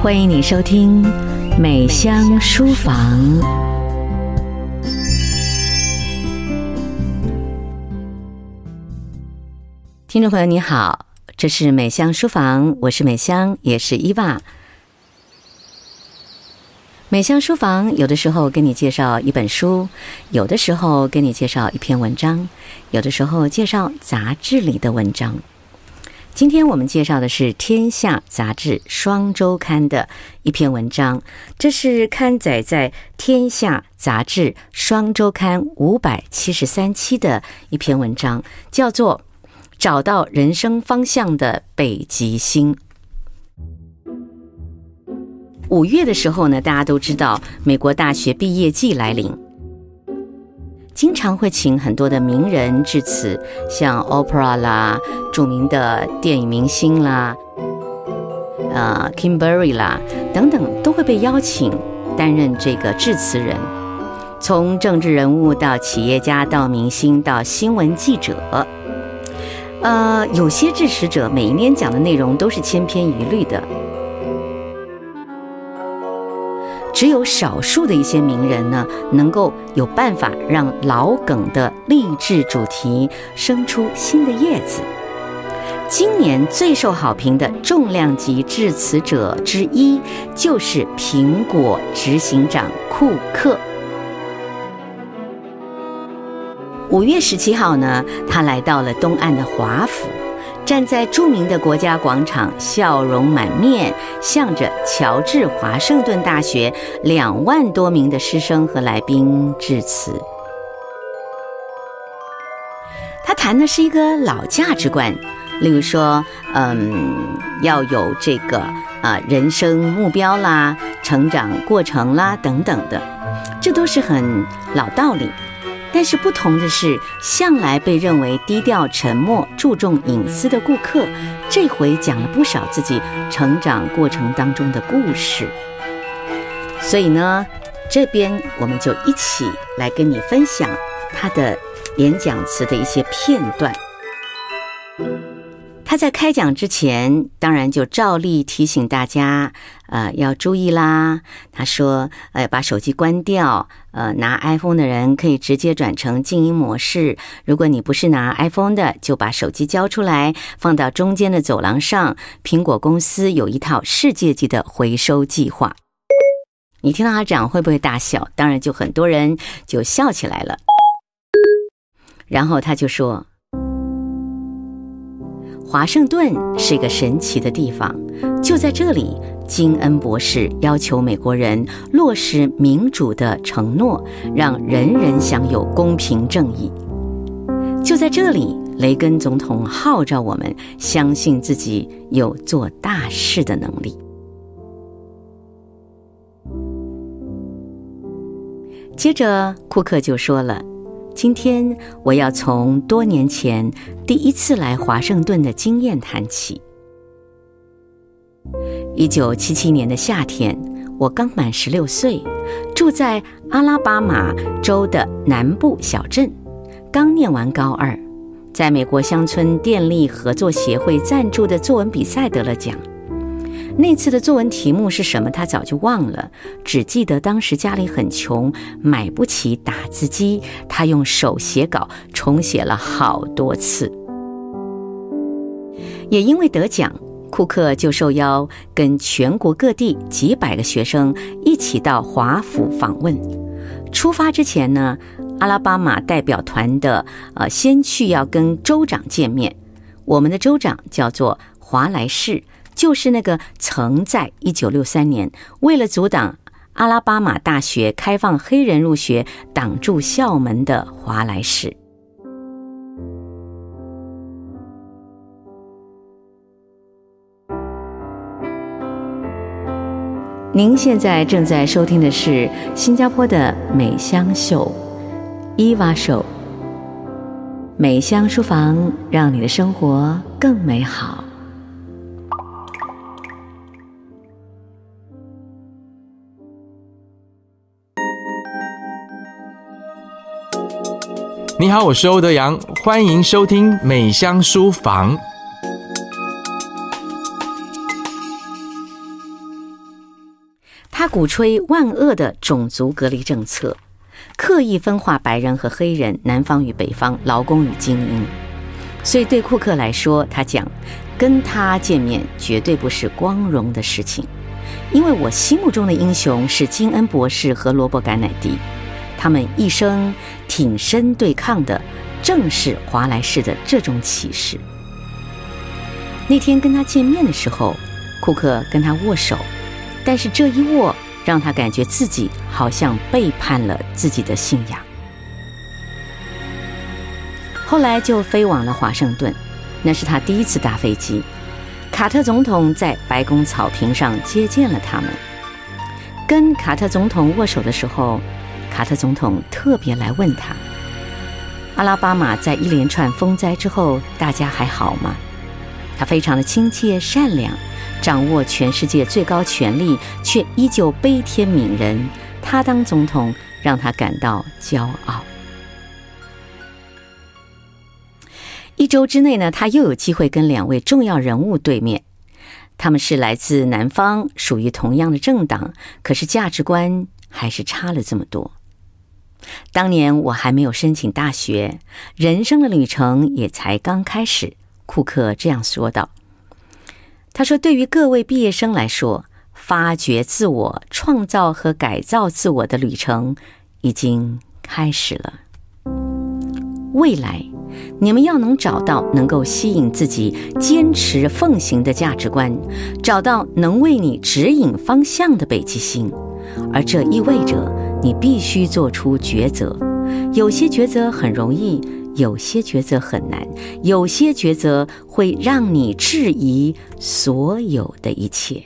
歡迎你收聽《美香書房》。聽眾朋友，你好，這是《美香書房》，我是美香，也是伊娃。美香書房有的時候給你介紹一本書，有的時候給你介紹一篇文章，有的時候介紹雜誌裡的文章。今天我們介紹的是《天下雜誌》雙週刊的一篇文章，這是刊載在《天下雜誌》雙週刊五百七十三期的一篇文章，叫做《找到人生方向的北極星》。五月的時候呢，大家都知道美國大學畢業季來臨。經常會請很多的名人致辭，像 Oprah 啦，著名的電影明星啦，呃，Kimberly 啦，等等都會被邀請擔任這個致辭人。從政治人物到企業家，到明星，到新聞記者，呃，有些致辭者每一年講的內容都是千篇一律的。只有少數的一些名人呢，能夠有辦法讓老梗的勵志主題生出新的葉子。今年最受好評的重量級致辭者之一，就是蘋果執行長庫克。五月十七號呢，他來到了東岸的華府。站在著名的國家廣場，笑容滿面，向着喬治華盛頓大學兩萬多名的師生和來賓致辭。他談的是一個老價值觀，例如說，嗯，要有這個啊，人生目標啦、成長過程啦等等的，這都是很老道理。但是不同的是，向來被認為低調、沉默、注重隱私的庫克，這回講了不少自己成長過程當中的故事。所以呢，這邊我們就一起來跟你分享他的演講詞的一些片段。他在開講之前，當然就照例提醒大家，呃，要注意啦。他說，呃，把手機關掉。呃，拿 iPhone 的人可以直接轉成靜音模式。如果你不是拿 iPhone 的，就把手機交出來，放到中間的走廊上。蘋果公司有一套世界級的回收計劃。你聽到他講會不會大笑？當然，就很多人就笑起來了。然後他就說。華盛頓是個神奇的地方，就在這裡，金恩博士要求美國人落實民主的承諾，讓人人享有公平正義。就在這裡，雷根總統號召我們相信自己有做大事的能力。接着，庫克就說了。今天我要從多年前第一次來華盛頓的經驗談起。一九七七年的夏天，我剛滿十六歲，住在阿拉巴馬州的南部小鎮，剛念完高二，在美國鄉村電力合作協會贊助的作文比賽得了獎。那次的作文題目是什麼？他早就忘了，只記得當時家裡很窮，買不起打字機，他用手寫稿重寫了好多次。也因為得獎，庫克就受邀跟全國各地幾百個學生一起到華府訪問。出發之前呢，阿拉巴馬代表團的呃先去要跟州長見面，我們的州長叫做華萊士。就是那個曾在一九六三年為了阻擋阿拉巴馬大學開放黑人入學，擋住校門的華萊士。您現在正在收聽的是新加坡的美香秀，伊娃秀，美香書房，讓你的生活更美好。你好，我是歐德陽，歡迎收聽美香書房。他鼓吹萬惡的種族隔離政策，刻意分化白人和黑人，南方與北方，勞工與精英。所以對庫克來說，他講跟他見面絕對不是光榮的事情，因為我心目中的英雄是金恩博士和羅伯·甘乃迪。他們一生挺身對抗的，正是華萊士的這種歧視。那天跟他見面的時候，庫克跟他握手，但是這一握讓他感覺自己好像背叛了自己的信仰。後來就飛往了華盛頓，那是他第一次搭飛機。卡特總統在白宮草坪上接見了他們，跟卡特總統握手的時候。卡特總統特別來問他：“阿拉巴馬在一連串風災之後，大家還好嗎？”他非常的親切善良，掌握全世界最高權力，卻依舊悲天憫人。他當總統讓他感到驕傲。一周之內呢，他又有機會跟兩位重要人物對面，他們是來自南方，屬於同樣的政黨，可是價值觀還是差了這麼多。當年我還沒有申請大學，人生的旅程也才剛開始。庫克這樣說道：“他說，對於各位畢業生來說，發掘自我、創造和改造自我的旅程已經開始了。未來，你們要能找到能夠吸引自己、堅持奉行的價值觀，找到能為你指引方向的北極星。”而這意味着你必須做出抉擇，有些抉擇很容易，有些抉擇很難，有些抉擇會讓你質疑所有的一切。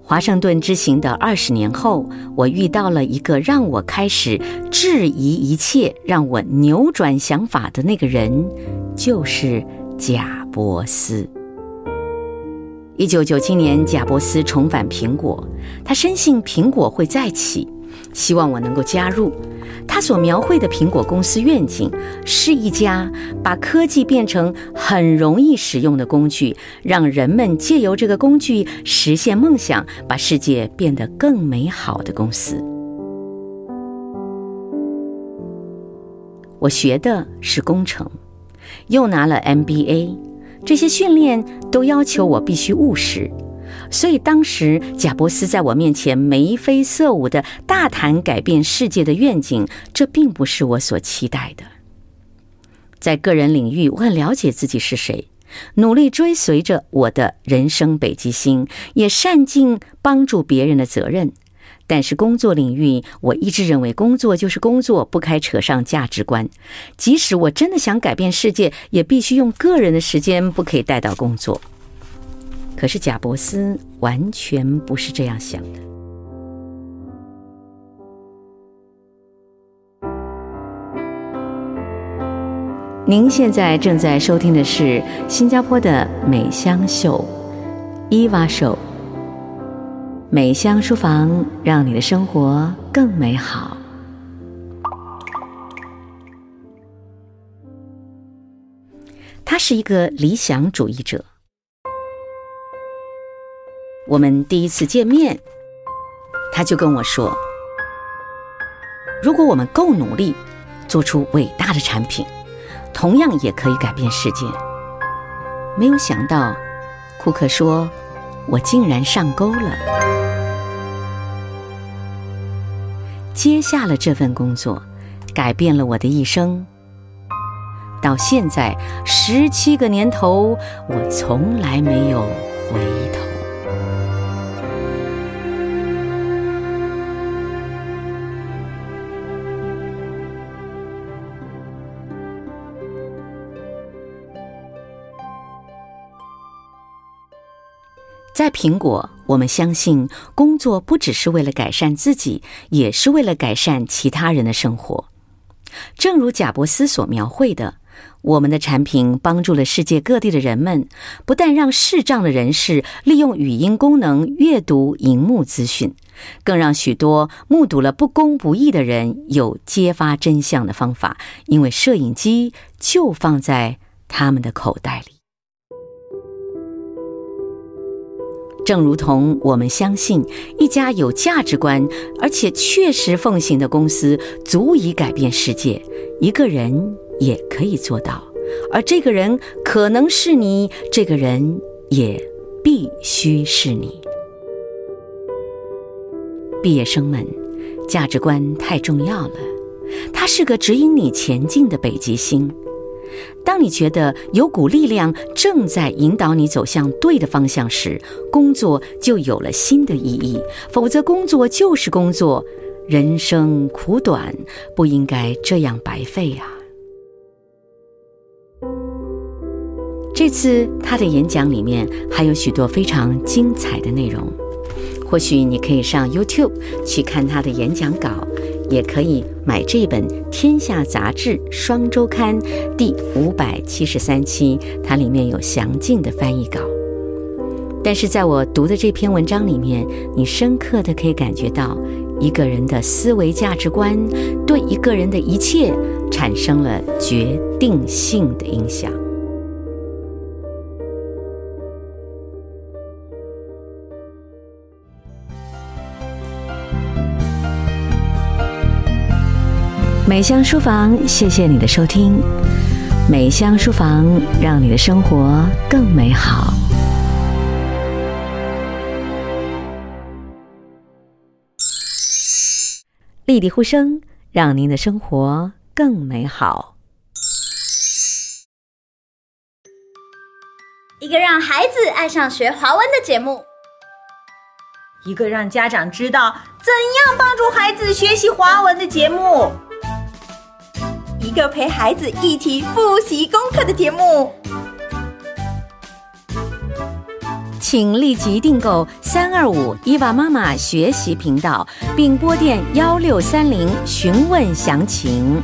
華盛頓之行的二十年後，我遇到了一個讓我開始質疑一切、讓我扭轉想法的那個人，就是賈伯斯。一九九七年，賈伯斯重返蘋果。他深信蘋果會再起，希望我能夠加入。他所描繪的蘋果公司願景是一家把科技變成很容易使用的工具，讓人們借由這個工具實現夢想，把世界變得更美好的公司。我學的是工程，又拿了 MBA。這些訓練都要求我必須務實，所以當時賈伯斯在我面前眉飛色舞地大談改變世界的願景，這並不是我所期待的。在個人領域，我很了解自己是誰，努力追隨着我的人生北極星，也善盡幫助別人的責任。但是工作領域，我一直認為工作就是工作，不該扯上價值觀。即使我真的想改變世界，也必須用個人的時間，不可以帶到工作。可是賈伯斯完全不是這樣想的。您現在正在收聽的是新加坡的《美香秀》伊娃，伊娃秀。美香書房，讓你的生活更美好。他是一個理想主義者。我們第一次見面，他就跟我說：“如果我們夠努力，做出偉大的產品，同樣也可以改變世界。”沒有想到，庫克說。我竟然上鈎了，接下了這份工作，改變了我的一生。到現在十七個年頭，我從來沒有回頭。在蘋果，我們相信工作不只是為了改善自己，也是為了改善其他人的生活。正如賈伯斯所描繪的，我們的產品幫助了世界各地的人們，不但讓視障的人士利用語音功能閱讀熒幕資訊，更讓許多目睹了不公不義的人有揭發真相的方法，因為攝影機就放在他們的口袋裡。正如同我們相信一家有價值觀而且確實奉行的公司足以改變世界，一個人也可以做到，而這個人可能是你，這個人也必須是你。畢業生們，價值觀太重要了，它是個指引你前進的北極星。當你覺得有股力量正在引導你走向對的方向時，工作就有了新的意義。否則，工作就是工作，人生苦短，不應該這樣白費啊。這次他的演講裡面還有許多非常精彩的內容，或許你可以上 YouTube 去看他的演講稿。也可以買這本《天下雜誌》雙週刊第五百七十三期，它裡面有詳盡的翻譯稿。但是在我讀的這篇文章裡面，你深刻的可以感覺到，一個人的思維價值觀對一個人的一切產生了決定性的影響。美香書房，謝謝你的收聽。美香書房，讓你的生活更美好。麗麗呼聲，讓您的生活更美好。一個讓孩子愛上學華文的節目，一個讓家長知道怎樣幫助孩子學習華文的節目。一個陪孩子一起複習功課的節目，請立即訂購三二五伊娃媽媽學習頻道，並撥電幺六三零詢問詳情。